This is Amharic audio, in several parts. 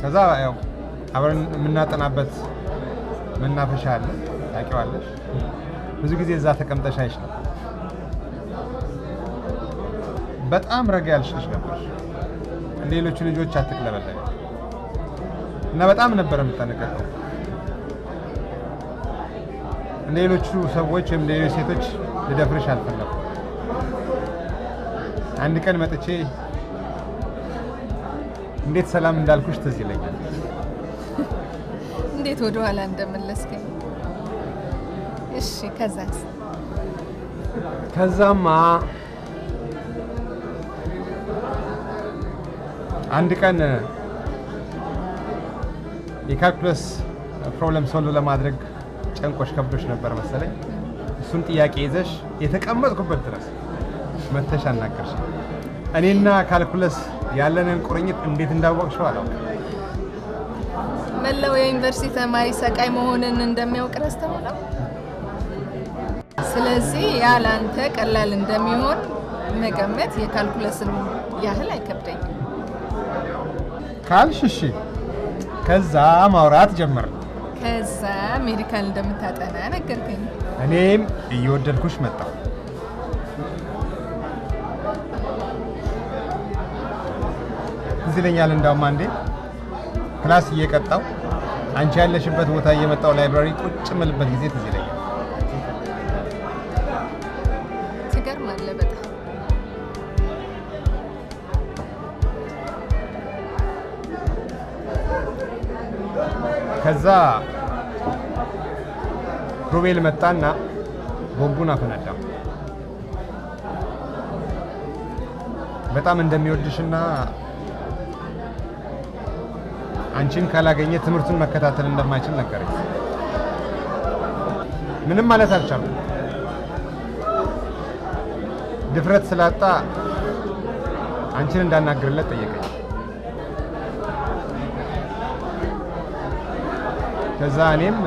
ከዛ ያው አብረን የምናጠናበት መናፈሻ አለ፣ ታውቂዋለሽ። ብዙ ጊዜ እዛ ተቀምጠሽ አይሽ ነው። በጣም ረጋ ያልሽ ልጅ ነበርሽ፣ ሌሎቹ ልጆች አትቅለበለበ እና በጣም ነበር የምጠነቀቀው እንደ ሌሎቹ ሰዎች ወይም ሌሎች ሴቶች ልደፍርሽ አልፈለኩም። አንድ ቀን መጥቼ እንዴት ሰላም እንዳልኩሽ ትዝ ይለኛል። እንዴት ወደ ኋላ እንደመለስከኝ። እሺ፣ ከዛ ከዛማ አንድ ቀን የካልኩለስ ፕሮብለም ሶልቭ ለማድረግ ጨንቆች ከብዶች ነበር መሰለኝ። እሱን ጥያቄ ይዘሽ የተቀመጥኩበት ድረስ መተሽ አናገርሽ። እኔና ካልኩለስ ያለንን ቁርኝት እንዴት እንዳወቅሽው አላውቅም። መላው የዩኒቨርሲቲ ተማሪ ሰቃይ መሆንን እንደሚያውቅ ረስተውለው። ስለዚህ ያ ለአንተ ቀላል እንደሚሆን መገመት የካልኩለስን ያህል አይከብደኝም ካልሽ እሺ። ከዛ ማውራት ጀምር ከዛ ሜዲካል እንደምታጠና ነገርከኝ። እኔም እየወደድኩሽ መጣሁ። ይለኛል እንዳውም አንዴ ክላስ እየቀጣው አንቺ ያለሽበት ቦታ እየመጣው ላይብራሪ ቁጭ ምልበት ጊዜ ትዝ ይለኛል። ከዛ ሮቤል መጣና ቦምቡን አፈነዳ። በጣም እንደሚወድሽና አንቺን ካላገኘ ትምህርቱን መከታተል እንደማይችል ነገረኝ። ምንም ማለት አልቻሉም ድፍረት ስላጣ አንቺን እንዳናግርለት ጠየቀኝ። ከዛ እኔም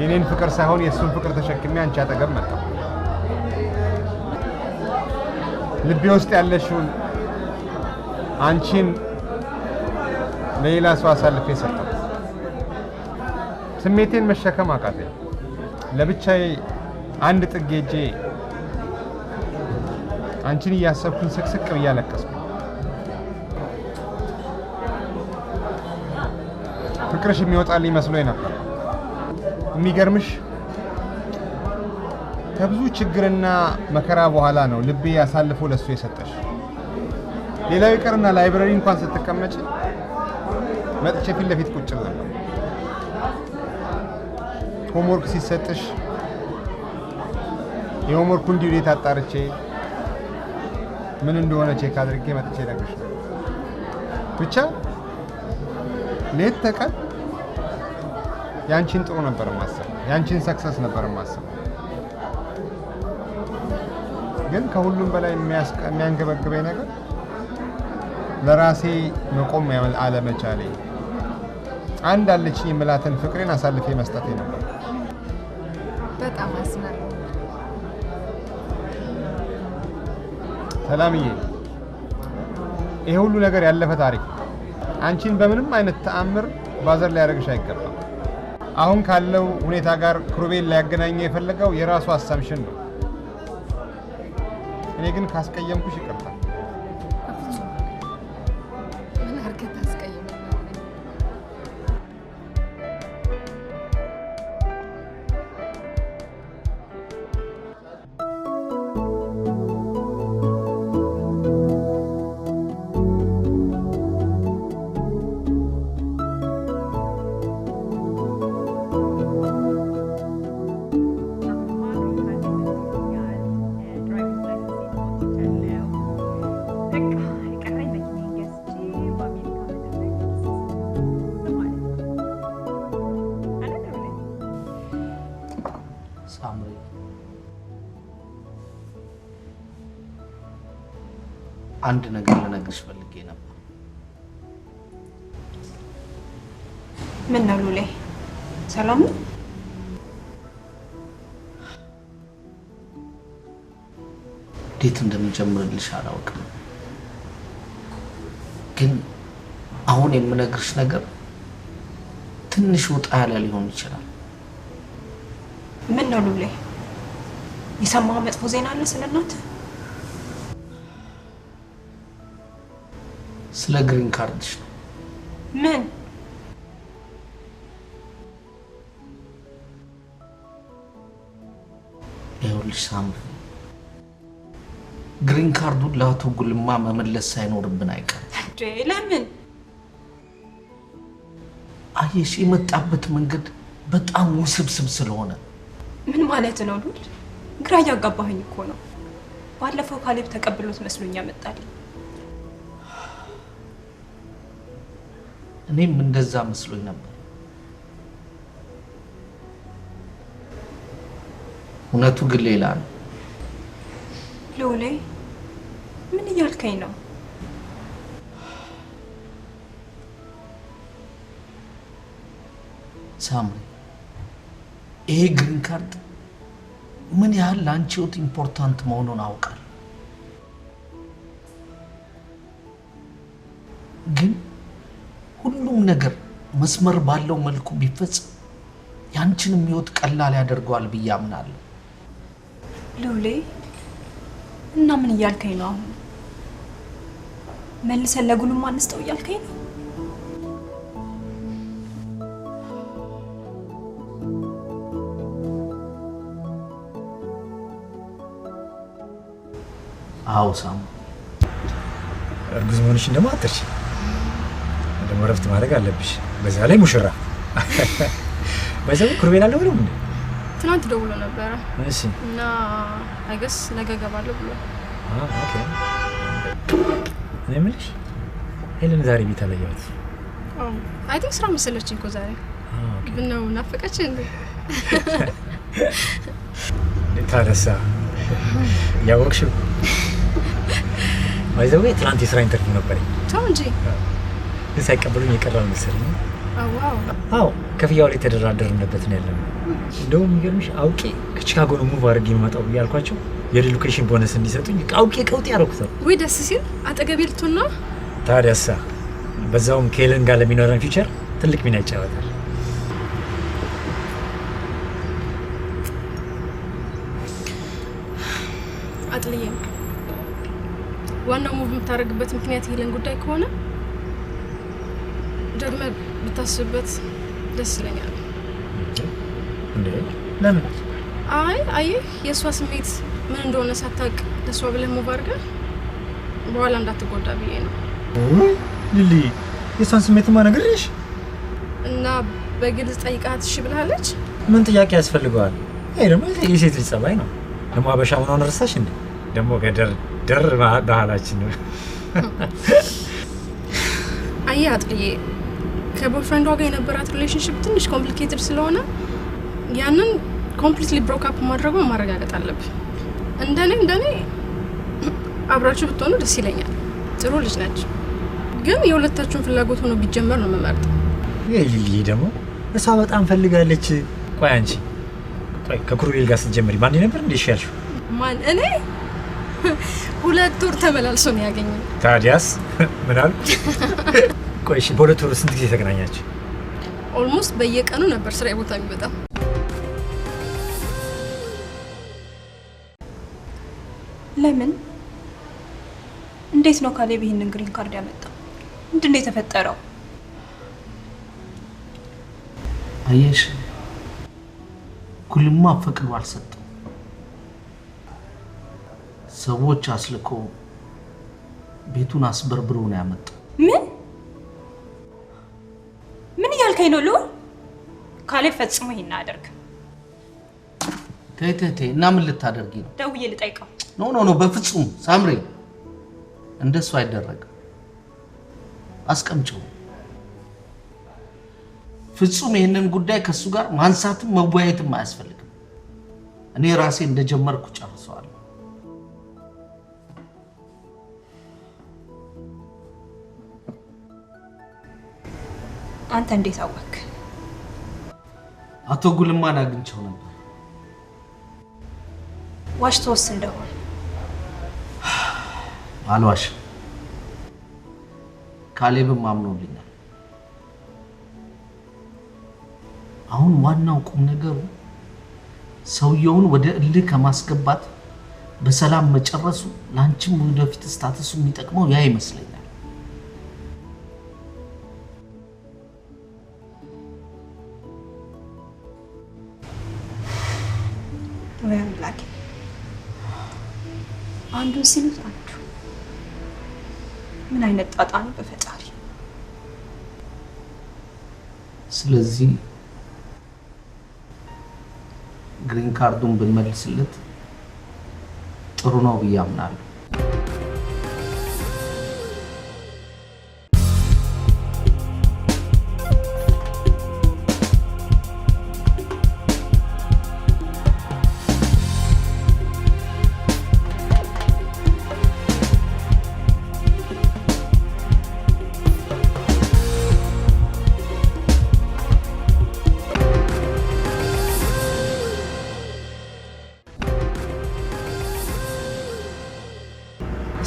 የኔን ፍቅር ሳይሆን የእሱን ፍቅር ተሸክሜ አንቺ አጠገብ መጣሁ። ልቤ ውስጥ ያለሽውን አንቺን ለሌላ ሰው አሳልፌ ሰጠው። ስሜቴን መሸከም አቃተኝ። ለብቻዬ አንድ ጥጌ ሄጄ አንቺን እያሰብኩኝ ስቅስቅ ብዬ አለቀስኩ። ፍቅርሽ የሚወጣልኝ መስሎኝ ነበር። የሚገርምሽ ከብዙ ችግርና መከራ በኋላ ነው ልቤ አሳልፎ ለሱ የሰጠሽ። ሌላው ይቀርና ላይብረሪ እንኳን ስትቀመጭ መጥቼ ፊት ለፊት ቁጭ ነበር። ሆምወርክ ሲሰጥሽ የሆምወርኩ እንዲሁ ዴት አጣርቼ ምን እንደሆነ ቼክ አድርጌ መጥቼ ነግርሽ ብቻ ሌት ተቀን ያንቺን ጥሩ ነበር ማሰብ፣ ያንቺን ሰክሰስ ነበር ማሰብ። ግን ከሁሉም በላይ የሚያንገበግበኝ ነገር ለራሴ መቆም አለመቻሌ አንድ አለችኝ የምላትን ፍቅሬን አሳልፌ መስጠቴ ነበር። በጣም አስናል ሰላምዬ፣ ይሄ ሁሉ ነገር ያለፈ ታሪክ አንቺን በምንም አይነት ተአምር ባዘር ሊያደርግሽ አይገባም። አሁን ካለው ሁኔታ ጋር ክሩቤል ሊያገናኘው የፈለገው የራሱ አሳምሽን ነው። እኔ ግን ካስቀየምኩሽ ይቅር አንድ ነገር ልነግርሽ ፈልጌ ነበር። ምን ነው ሉሌ፣ ሰላም እንዴት እንደምጀምርልሽ አላውቅም፣ ግን አሁን የምነግርሽ ነገር ትንሽ ውጣ ያለ ሊሆን ይችላል። ምን ነው ሉሌ፣ የሰማ መጥፎ ዜና አለ ስለ እናትህ? ስለ ግሪን ካርድሽ ነው። ምን ይኸውልሽ ሳምሪ፣ ግሪን ካርዱን ለአቶ ጉልማ መመለስ ሳይኖርብን አይቀር። ለምን? አየሽ፣ የመጣበት መንገድ በጣም ውስብስብ ስለሆነ። ምን ማለት ነው ሉል? ግራ እያጋባህኝ እኮ ነው። ባለፈው ካሌብ ተቀብሎት መስሎኝ ያመጣልኝ እኔም እንደዛ መስሎኝ ነበር። እውነቱ ግን ሌላ ነው። ልውሌ ምን እያልከኝ ነው? ሳሙ ይሄ ግሪን ካርድ ምን ያህል ለአንቺ ህይወት ኢምፖርታንት መሆኑን አውቃል ግን ነገር መስመር ባለው መልኩ ቢፈጽም ያንቺንም ህይወት ቀላል ያደርገዋል ብዬ አምናለሁ። ሉሌ እና ምን እያልከኝ ነው አሁን? መልሰን ለጉልማ አንስጠው እያልከኝ ነው? አዎ ሳሙ፣ እርጉዝ መሆንሽ እንደማትርሽ ደግሞ እረፍት ማድረግ አለብሽ። በዛ ላይ ሙሽራ በዛ ላይ ኩርቤን አለ ብለው ትናንት ደውሎ ነበረ እና አይገስ ነገ እገባለሁ ብሎ እኔ የምልሽ ሄለን ዛሬ ቤት አለየኋት። አይ ቲንክ ስራ መሰለችኝ እኮ ዛሬ ነው ናፈቀች እንዴ? ታደሳ እያወቅሽው ባይዘዌ ትናንት የስራ ኢንተርቪው ነበረኝ። ተው እንጂ ግን ሳይቀበሉኝ የቀረ መሰለኝ። አዎ ክፍያው ላይ የተደራደርንበት ነው ያለነው። እንደውም የሚገርምሽ አውቄ ከቺካጎ ነው ሙቭ አድርጌ የመጣው ብዬ የሪሎኬሽን ቦነስ እንዲሰጡኝ አውቄ ቀውጤ ያደረኩት ወይ ደስ ሲል አጠገቤ ልትሆን ነው በዛውም ከሄለን ጋር ለሚኖረን ፊውቸር ትልቅ ሚና ይጫወታል። ዋናው ሙቭ የምታደርግበት ምክንያት ሄለን ጉዳይ ከሆነ ደግመህ ብታስብበት ደስ ይለኛል። ለምን? አይ አየህ፣ የእሷ ስሜት ምን እንደሆነ ሳታውቅ ለእሷ ብለህ ሙቭ አድርገህ በኋላ እንዳትጎዳ ብዬ ነው። ልል የእሷን ስሜት ማ ነግሬሽ እና በግልጽ ጠይቃት እሺ ብላለች። ምን ጥያቄ ያስፈልገዋል? ይሄ ደግሞ የሴት ልጅ ጸባይ ነው። ደግሞ አበሻ ምናምን ረሳሽ እንዴ? ደግሞ ገደር ደር ባህላችን ነው። አየህ አጥልዬ ከቦይፍሬንዷ ጋር የነበራት ሪሌሽንሽፕ ትንሽ ኮምፕሊኬትድ ስለሆነ ያንን ኮምፕሊትሊ ብሮክ አፕ ማረጋገጥ አለብ። እንደኔ እንደኔ አብራችሁ ብትሆኑ ደስ ይለኛል። ጥሩ ልጅ ነች፣ ግን የሁለታችሁን ፍላጎት ሆኖ ቢጀመር ነው የምመርጠው። ይህ ደግሞ እሷ በጣም ፈልጋለች። ቆይ አንቺ ከኩሩቤል ጋር ስትጀምሪ ማን ነበር እንዴ እሺ ማን እኔ? ሁለት ወር ተመላልሶ ነው ያገኘ። ታዲያስ ምናል? ቆይ እሺ፣ በሁለት ወር ስንት ጊዜ ተገናኛችሁ? ኦልሞስት በየቀኑ ነበር ስራ ቦታ የሚመጣው። ለምን? እንዴት ነው ካሌብ ይህንን ግሪን ካርድ ያመጣው? ምንድን ነው የተፈጠረው? አየሽ፣ ኩልማ ፈቅዶ አልሰጠው ሰዎች አስልኮ ቤቱን አስበርብሮ ነው ያመጣው። ምን ነው ልዑል? ካሌብ ፈጽሞ ይሄን አያደርግ። ተይ ተይ ተይ። እና ምን ልታደርጊ ነው? ደውዬ ልጠይቀው። ኖ ኖ ኖ፣ በፍጹም ሳምሬ፣ እንደሱ አይደረግም። አስቀምጪው። ፍጹም ይህንን ጉዳይ ከእሱ ጋር ማንሳትም መወያየትም አያስፈልግም። እኔ ራሴ እንደጀመርኩ ጨርሰዋለሁ። አንተ እንዴት አወቅክ? አቶ ጉልማን አግኝቼው ነበር። ዋሽቶስ እንደሆነ አልዋሽ ካሌብም አምኖልኛል። አሁን ዋናው ቁም ነገሩ ሰውየውን ወደ እልህ ከማስገባት በሰላም መጨረሱ ለአንቺም ወደፊት ስታትሱ የሚጠቅመው ያ ይመስለኛል። እንደዚህ ልባችሁ ምን አይነት ጣጣ ነው በፈጣሪ። ስለዚህ ግሪን ካርዱን ብንመልስለት ጥሩ ነው ብዬ አምናለሁ።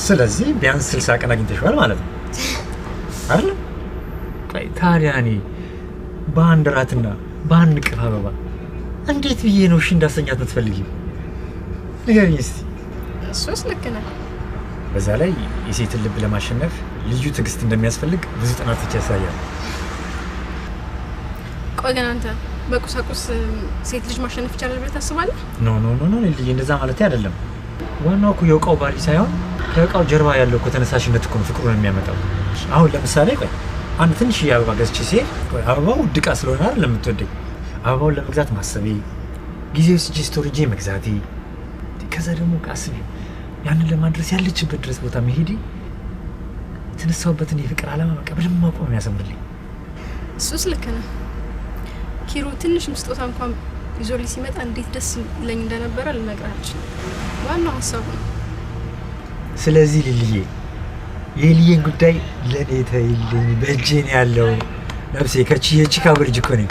ስለዚህ ቢያንስ ስልሳ ቀን አግኝተሽዋል ማለት ነው አይደል? ቆይ ታዲያ እኔ በአንድ ራትና በአንድ ቅፍ አበባ እንዴት ብዬ ነው እሺ እንዳሰኛት የምትፈልጊው? ንገሪኝ እስቲ። እሱስ ልክ ነህ። በዛ ላይ የሴትን ልብ ለማሸነፍ ልዩ ትዕግስት እንደሚያስፈልግ ብዙ ጥናቶች ያሳያሉ። ቆይ ግን አንተ በቁሳቁስ ሴት ልጅ ማሸነፍ ይቻላል ብለህ ታስባለህ? ኖ ኖ ኖ ኖ እንደዛ ማለት አይደለም። ዋናው እኮ የእውቀው ባህሪ ሳይሆን ከእቃው ጀርባ ያለው እኮ ተነሳሽነት እኮ ነው ፍቅሩን የሚያመጣው። አሁን ለምሳሌ ቆይ አንድ ትንሽ አበባ ገዝቼ ሲሄድ አበባው ውድ እቃ ስለሆነ አይደል ለምትወደኝ አበባውን ለመግዛት ማሰቤ ጊዜ ውስጥ ስቶሬጅ መግዛቴ ከዛ ደግሞ አስቤ ያንን ለማድረስ ያለችበት ድረስ ቦታ መሄዴ የተነሳውበትን የፍቅር አላማ በቃ በደንብ ማቆም ያሰምርልኝ። እሱስ ልክ ነው ኪሩ። ትንሽም ስጦታ እንኳን ይዞልኝ ሲመጣ እንዴት ደስ ይለኝ እንደነበረ ልነግርህ ዋናው ሀሳቡ ነው። ስለዚህ ልልዬ የልዬን ጉዳይ ለእኔ ተይልኝ፣ በእጄ ያለው። ነፍሴ ከቺ የቺካ ብርጅ እኮ ነኝ።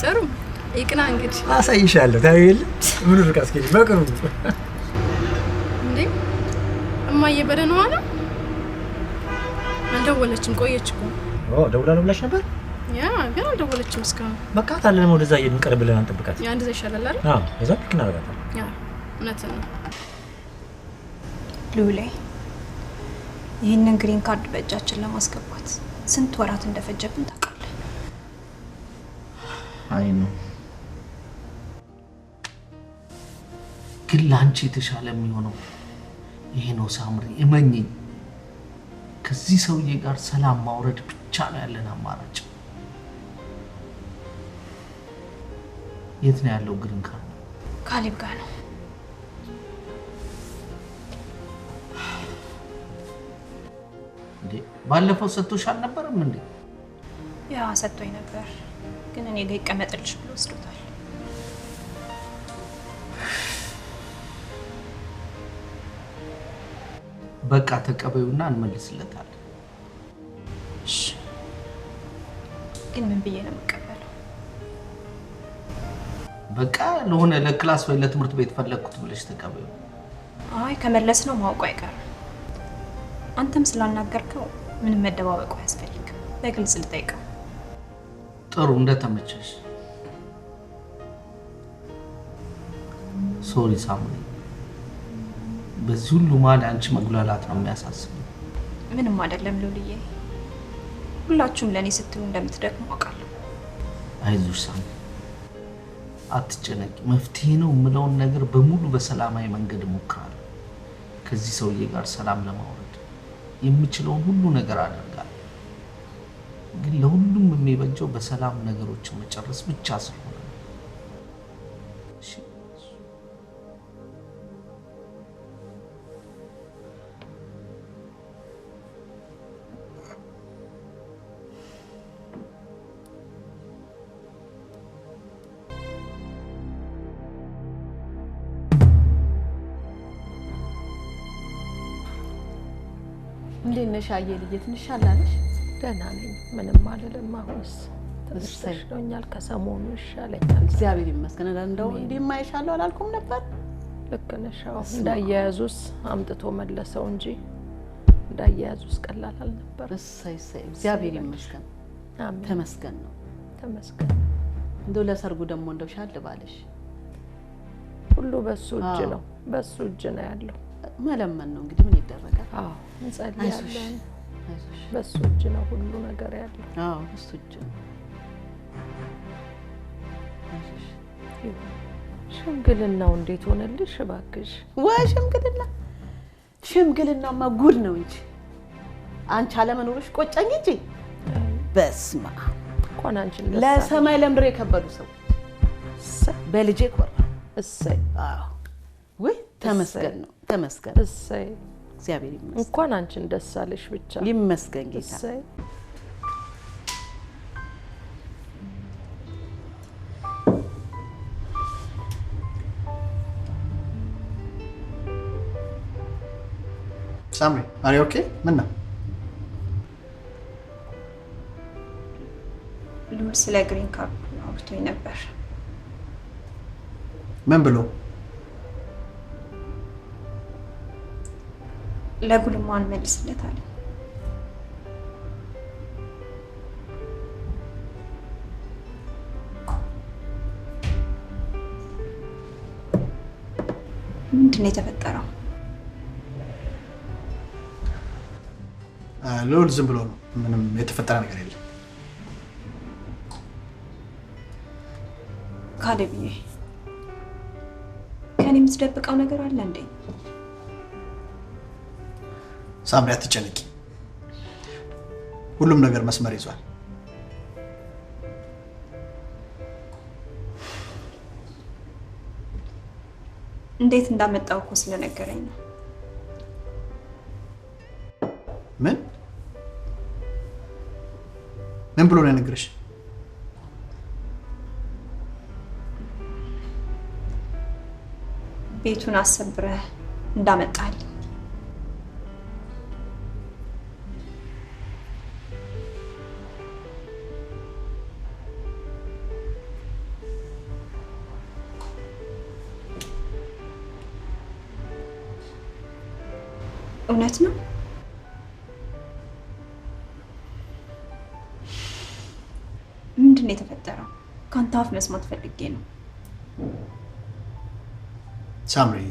ጥሩ ይቅና እንግዲህ አሳይሻለሁ። ታዩ የለ ምኑ ርቃ እስኪ በቅርቡ እንዴ እማዬ በደህና ዋላ? አልደወለችም፣ ቆየች እኮ ደውላ ነው ብላሽ ነበር። ያ ግን አልደወለችም እስካሁን። በቃ ታለን ወደዛ እየሄድን ቀርብ ብለን አንጠብቃት። ያ እንደዛ ይሻላል አይደል? አዎ እዛ ልክ እናደርጋታለን። ያ እውነት ነው። ልዑሌ ይህንን ግሪን ካርድ በእጃችን ለማስገባት ስንት ወራት እንደፈጀብን ታውቃለህ? አይ ነው ግን ለአንቺ የተሻለ የሚሆነው ይሄ ነው ሳምሪ፣ እመኝኝ። ከዚህ ሰውዬ ጋር ሰላም ማውረድ ብቻ ነው ያለን አማራጭ። የት ነው ያለው ግሪን ካርድ? ካሊብ ጋር ነው። ባለፈው ሰጥቶሽ አልነበረም እንዴ? ያ ሰጥቶኝ ነበር፣ ግን እኔ ጋር ይቀመጥልሽ ብሎ ወስዶታል። በቃ ተቀበዩና እንመልስለታለን። ግን ምን ብዬ ነው የምቀበለው? በቃ ለሆነ ለክላስ ወይ ለትምህርት ቤት ፈለግኩት ብለሽ ተቀበዩ። አይ ከመለስ ነው ማውቁ አይቀርም። አንተም ስላናገርከው ምንም መደባበቁ አያስፈልግም። በግልጽ ልጠይቀው። ጥሩ እንደተመቸሽ። ሶሪ ሳሙኤል፣ በዚህ ሁሉ መሀል አንቺ መጉላላት ነው የሚያሳስበው። ምንም አይደለም ሉልዬ፣ ሁላችሁም ለእኔ ስትሉ እንደምትደክሙ አውቃለሁ። አይዞሽ ሳሙኤል፣ አትጨነቂ። መፍትሄ ነው የምለውን ነገር በሙሉ በሰላማዊ መንገድ እሞክራለሁ ከዚህ ሰውዬ ጋር ሰላም ለማውረድ የምችለውን ሁሉ ነገር አደርጋለሁ። ግን ለሁሉም የሚበጀው በሰላም ነገሮችን መጨረስ ብቻ ስለሆነ መሻዬ ልዬ ትንሽ አላለሽ? ደህና ነኝ፣ ምንም አልልም። አሁንስ ትንሽ ተሽሎኛል፣ ከሰሞኑ ይሻለኛል። እግዚአብሔር ይመስገን። እንደው እንዲህ የማይሻለው አላልኩም ነበር። ልክ ነሽ። እንዳያያዙስ አምጥቶ መለሰው እንጂ እንዳያያዙስ ቀላል አልነበር። እሰይ እሰይ፣ እግዚአብሔር ይመስገን። ተመስገን ነው ተመስገን። እንደው ለሰርጉ ደግሞ እንደው ሻል ባለሽ። ሁሉ በሱ እጅ ነው፣ በሱ እጅ ነው ያለው መለመን ነው እንግዲህ ምን ይደረጋል። አዎ እንጸልያለን። በሱ እጅ ነው ሁሉ ነገር ያለው። አዎ እሱ እጅ ነው። ሽምግልናው እንዴት ሆነልሽ? እባክሽ ወይ ሽምግልና ሽምግልናማ ጉድ ነው እንጂ አንቺ አለመኖርሽ ቆጨኝ እንጂ በስማ አብ እንኳን አንቺን ለሰማይ ለምድር የከበዱ ሰዎች በልጄ ኮራ። እሰይ አዎ፣ ወይ ተመስገን ነው ተመስገን። እሰይ እግዚአብሔር ይመስገን። እንኳን አንቺን ደስ አለሽ ብቻ ይመስገን ጌታ። ሳምሪ አሪ ኦኬ። ምን ነው ስለ ግሪን ካርድ አውርቶኝ ነበር። ምን ብሎ ለጉልማን መልስለታለን። ምንድን ነው የተፈጠረው? ልዑል ዝም ብሎ ነው። ምንም የተፈጠረ ነገር የለም። ካሌብዬ ከእኔ የምትደብቀው ነገር አለ እንዴ? ሳምሪ አትጨነቂ፣ ሁሉም ነገር መስመር ይዟል። እንዴት እንዳመጣው እኮ ስለነገረኝ ነው። ምን ምን ብሎ ነው የነገረሽ? ቤቱን አሰብረህ እንዳመጣል እውነት ነው? ምንድን ነው የተፈጠረው? ከአንተ አፍ መስማት ፈልጌ ነው። ሳምሪ፣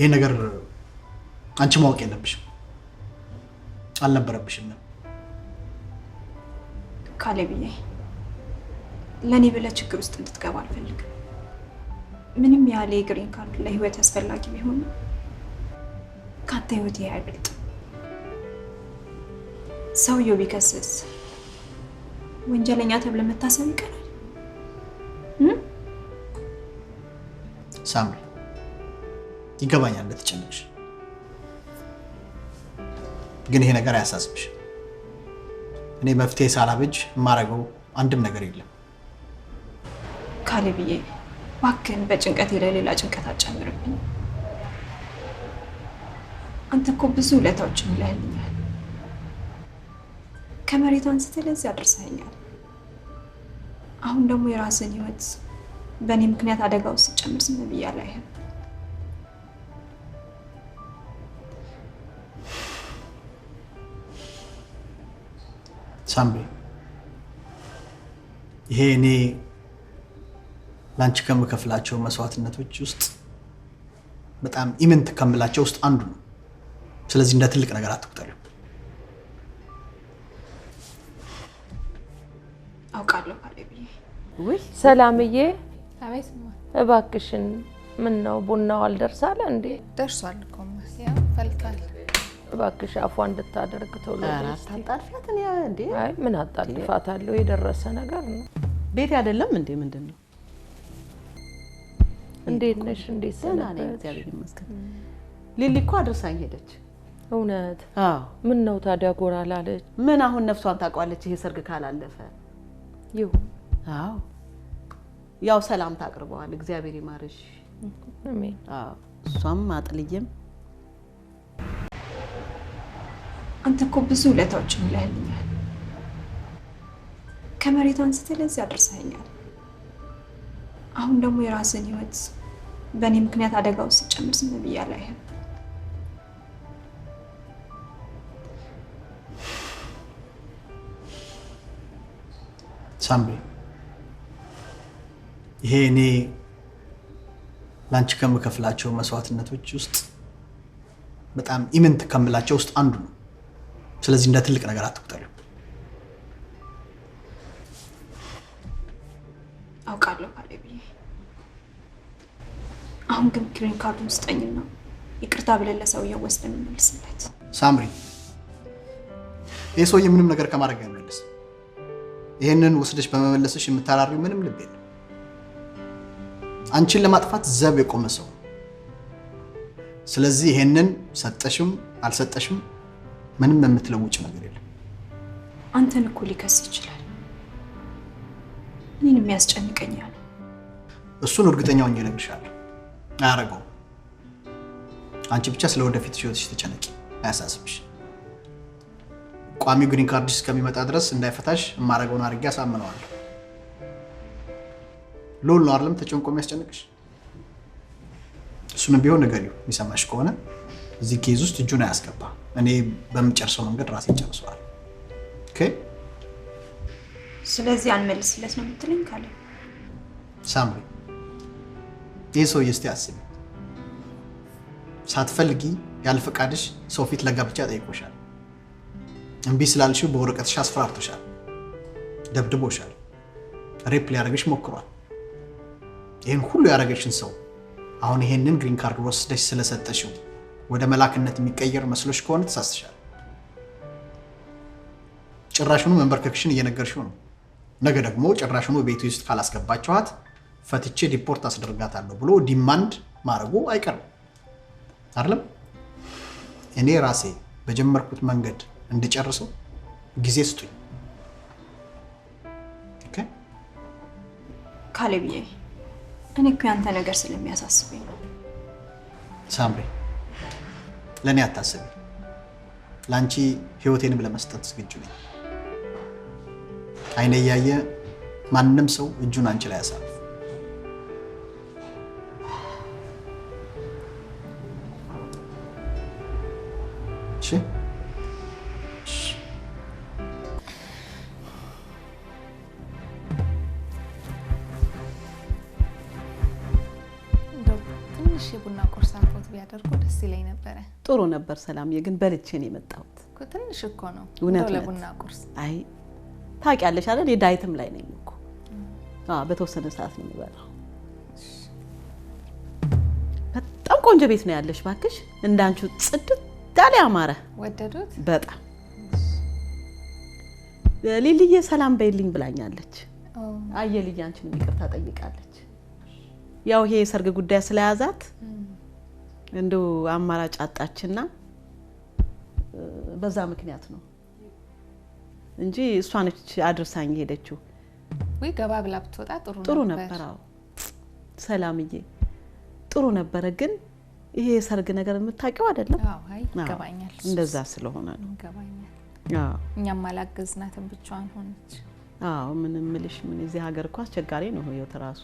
ይህ ነገር አንቺ ማወቅ የለብሽም አልነበረብሽም። ካሌብዬ፣ ለእኔ ብለህ ችግር ውስጥ እንድትገባ አልፈልግም። ምንም ያህል የግሪን ካርድ ለህይወት አስፈላጊ ቢሆን ካንተ ህይወት ይሄ አይበልጥም። ሰውየው ቢከስስ ወንጀለኛ ተብለ መታሰብ ይቀራል። ሳምሪ ይገባኛል እንደተጨነቅሽ፣ ግን ይሄ ነገር አያሳስብሽ። እኔ መፍትሄ ሳላበጅ የማደርገው አንድም ነገር የለም ካሌብዬ እባክህን በጭንቀቴ ላይ ሌላ ጭንቀት አጨምርብኝ። አንተ እኮ ብዙ ውለታዎችን ውለህልኛል። ከመሬት አንስተህ ለዚህ አድርሰኸኛል። አሁን ደግሞ የራስን ህይወት በእኔ ምክንያት አደጋ ውስጥ ስትጨምር ዝም ብዬ አላይህም። ሳምቤ ይሄ እኔ ለአንቺ ከምከፍላቸው መስዋዕትነቶች ውስጥ በጣም ኢምንት ከምላቸው ውስጥ አንዱ ነው። ስለዚህ እንደ ትልቅ ነገር አትቁጠሪው። አውቃለሁ። ሰላምዬ፣ እባክሽን ምን ነው ቡናው አልደርሳለ እንዴ? ደርሷል እኮ ፈልቷል። እባክሽ አፏ እንድታደርግ ቶሎ። ምን አጣልፋታለሁ? የደረሰ ነገር ነው። ቤት አይደለም እንዴ? ምንድን ነው እንዴት ነሽ? እንዴት ነው? እግዚአብሔር ይመስገን። ሊሊ እኮ አድርሳኝ ሄደች። እውነት? አዎ። ምን ነው ታዲያ ጎራ ምን አሁን ነፍሷን ታውቋለች። ይሄ ሰርግ ካላለፈ አዎ፣ ያው ሰላምታ አቅርበዋል። እግዚአብሔር ይማርሽ። አሜን። አዎ፣ እሷም አጥልዬም አንተ እኮ ብዙ ውለታዎች ከመሬቷን ከመሬት አንስተህ ለዚህ አሁን ደግሞ የራስን ህይወት በእኔ ምክንያት አደጋ ውስጥ ጨምር ዝም ብያ ላይ ሳምሪ፣ ይሄ እኔ ላንቺ ከምከፍላቸው መስዋዕትነቶች ውስጥ በጣም ኢምንት ከምላቸው ውስጥ አንዱ ነው። ስለዚህ እንደ ትልቅ ነገር አትቁጠሪው። አውቃለሁ አሁን ግን ግሪን ካርዱን ስጠኝና ይቅርታ ብለን ለሰውየው ወስደን እንመልስለት። ሳምሪ፣ ይህ ሰውዬ ምንም ነገር ከማድረግ ያመልስ። ይህንን ወስደሽ በመመለስሽ የምታራሪው ምንም ልብ የለም። አንቺን ለማጥፋት ዘብ የቆመ ሰው። ስለዚህ ይሄንን ሰጠሽም አልሰጠሽም ምንም የምትለውጭ ነገር የለም። አንተን እኮ ሊከስ ይችላል። እኔን የሚያስጨንቀኝ ያለ እሱን እርግጠኛውን እነግርሻለሁ። አያደርገውም። አንቺ ብቻ ስለ ወደፊት ህይወትሽ ተጨነቂ፣ አያሳስብሽ። ቋሚው ግሪን ካርድ እስከሚመጣ ድረስ እንዳይፈታሽ የማደርገውን አድርጌ አሳምነዋለሁ። ሎል ነው አይደለም ተጨንቆ የሚያስጨንቅሽ። እሱንም ቢሆን ንገሪው። የሚሰማሽ ከሆነ እዚህ ኬዝ ውስጥ እጁን አያስገባ። እኔ በምጨርሰው መንገድ ራሴ ጨርሰዋል። ስለዚህ አልመልስለት ነው የምትለኝ ካለ ሳምሪ ይህ ሰውዬ እስቲ አስቢ፣ ሳትፈልጊ ያልፈቃድሽ ሰው ፊት ለጋብቻ ጠይቆሻል። እምቢ ስላልሽው በወረቀትሽ አስፈራርቶሻል፣ ደብድቦሻል፣ ሬፕ ሊያደርግሽ ሞክሯል። ይህን ሁሉ ያደረገሽን ሰው አሁን ይሄንን ግሪን ካርድ ወስደሽ ስለሰጠሽው ወደ መላክነት የሚቀየር መስሎሽ ከሆነ ተሳስተሻል። ጭራሽኑ መንበርከክሽን እየነገርሽው ነው። ነገ ደግሞ ጭራሽኑ ቤት ውስጥ ካላስገባችኋት ፈትቼ ዲፖርት አስደርጋታለሁ ብሎ ዲማንድ ማድረጉ አይቀርም አይደለም። እኔ ራሴ በጀመርኩት መንገድ እንድጨርሰው ጊዜ ስጡኝ። ካሌብዬ እኔ እኮ ያንተ ነገር ስለሚያሳስበኝ ነው። ሳምሪ ለእኔ አታስቢ። ለአንቺ ህይወቴንም ለመስጠት ዝግጁ ነኝ። አይነ እያየ ማንም ሰው እጁን አንቺ ላይ ያሳርፍ። Sí. ጥሩ ነበር ሰላምዬ፣ ግን በልቼ ነው የመጣሁት። ትንሽ እኮ ነው እውነት ለቡና ቁርስ። አይ ታውቂያለሽ አይደል የዳይትም ላይ ነኝ እኮ በተወሰነ ሰዓት ነው የሚበላው። በጣም ቆንጆ ቤት ነው ያለሽ፣ ባክሽ እንዳንቺው ጽድት ዳሊ አማረ ወደዱት በጣም ሊልዬ ሰላም በይልኝ ብላኛለች። አየልዬ አንቺንም ይቅርታ ጠይቃለች። ያው ይሄ የሰርግ ጉዳይ ስለያዛት እንደው አማራጭ አጣችና በዛ ምክንያት ነው እንጂ እሷ ነች አድርሳኝ ሄደችው። ወይ ገባ ብላ ብትወጣ ጥሩ ነበር። አዎ ሰላምዬ ጥሩ ነበረ ግን ይሄ የሰርግ ነገር የምታውቂው አይደለም። ይገባኛል። እንደዛ ስለሆነ ነው። እኛም አላገዝናትም ብቻዋን ሆነች። አዎ ምንም ምልሽ ምን እዚህ ሀገር እኮ አስቸጋሪ ነው ህይወት ራሱ።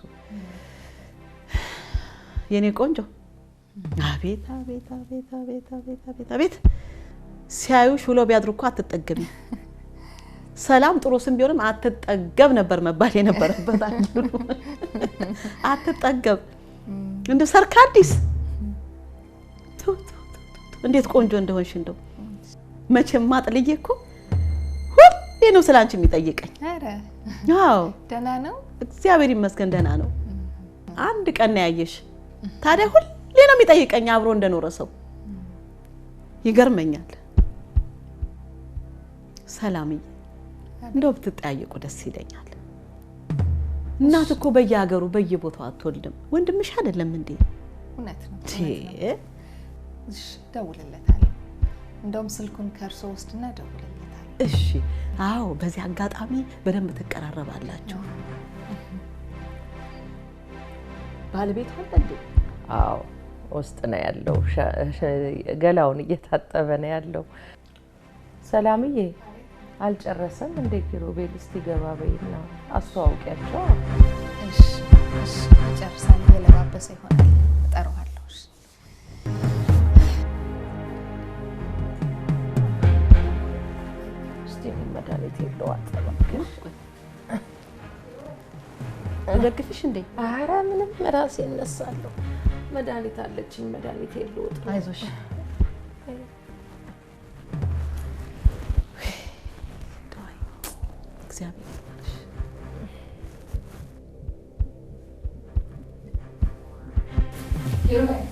የኔ ቆንጆ አቤት አቤት አቤት አቤት አቤት አቤት አቤት ሲያዩሽ ውሎ ቢያድሩ እኮ አትጠገቢ። ሰላም ጥሩ ስም ቢሆንም አትጠገብ ነበር መባል የነበረበት አትጠገብ እንደ አዲስ እንዴት ቆንጆ እንደሆንሽ እንደው መቼም ማጥልዬ እኮ ሁሌ ነው ስለ አንቺ የሚጠይቀኝ። አዎ ደህና ነው እግዚአብሔር ይመስገን ደህና ነው። አንድ ቀን ያየሽ። ታዲያ ሁሌ ነው የሚጠይቀኝ አብሮ እንደኖረ ሰው ይገርመኛል። ሰላምዬ እንደው ብትጠያየቁ ደስ ይለኛል። እናት እኮ በየሀገሩ በየቦታው አትወልድም። ወንድምሽ አይደለም እንዴ? እውነት ነው እሺ እደውልለታለሁ። እንደውም ስልኩን ከእርሶ ወስድና እደውልለታለሁ። እሺ። አዎ፣ በዚህ አጋጣሚ በደንብ ትቀራረባላችሁ። ባለቤት አለ? አዎ፣ ውስጥ ነው ያለው። ገላውን እየታጠበ ነው ያለው። ሰላምዬ አልጨረሰም እንደ ኪሩቤል እስቲ ገባ በይና አስተዋውቂያቸው። እሺ፣ እሺ። ጨርሳል። የለባበሰ ይሆናል። እጠራዋለሁ መድኃኒት የለው አልጸባም። ደግፍሽ እንዴ? ኧረ ምንም ራሴ እነሳለሁ። መድኃኒት አለችኝ። መድኃኒት የለውጥ። አይዞሽ እግዚአብሔር ይመስገን።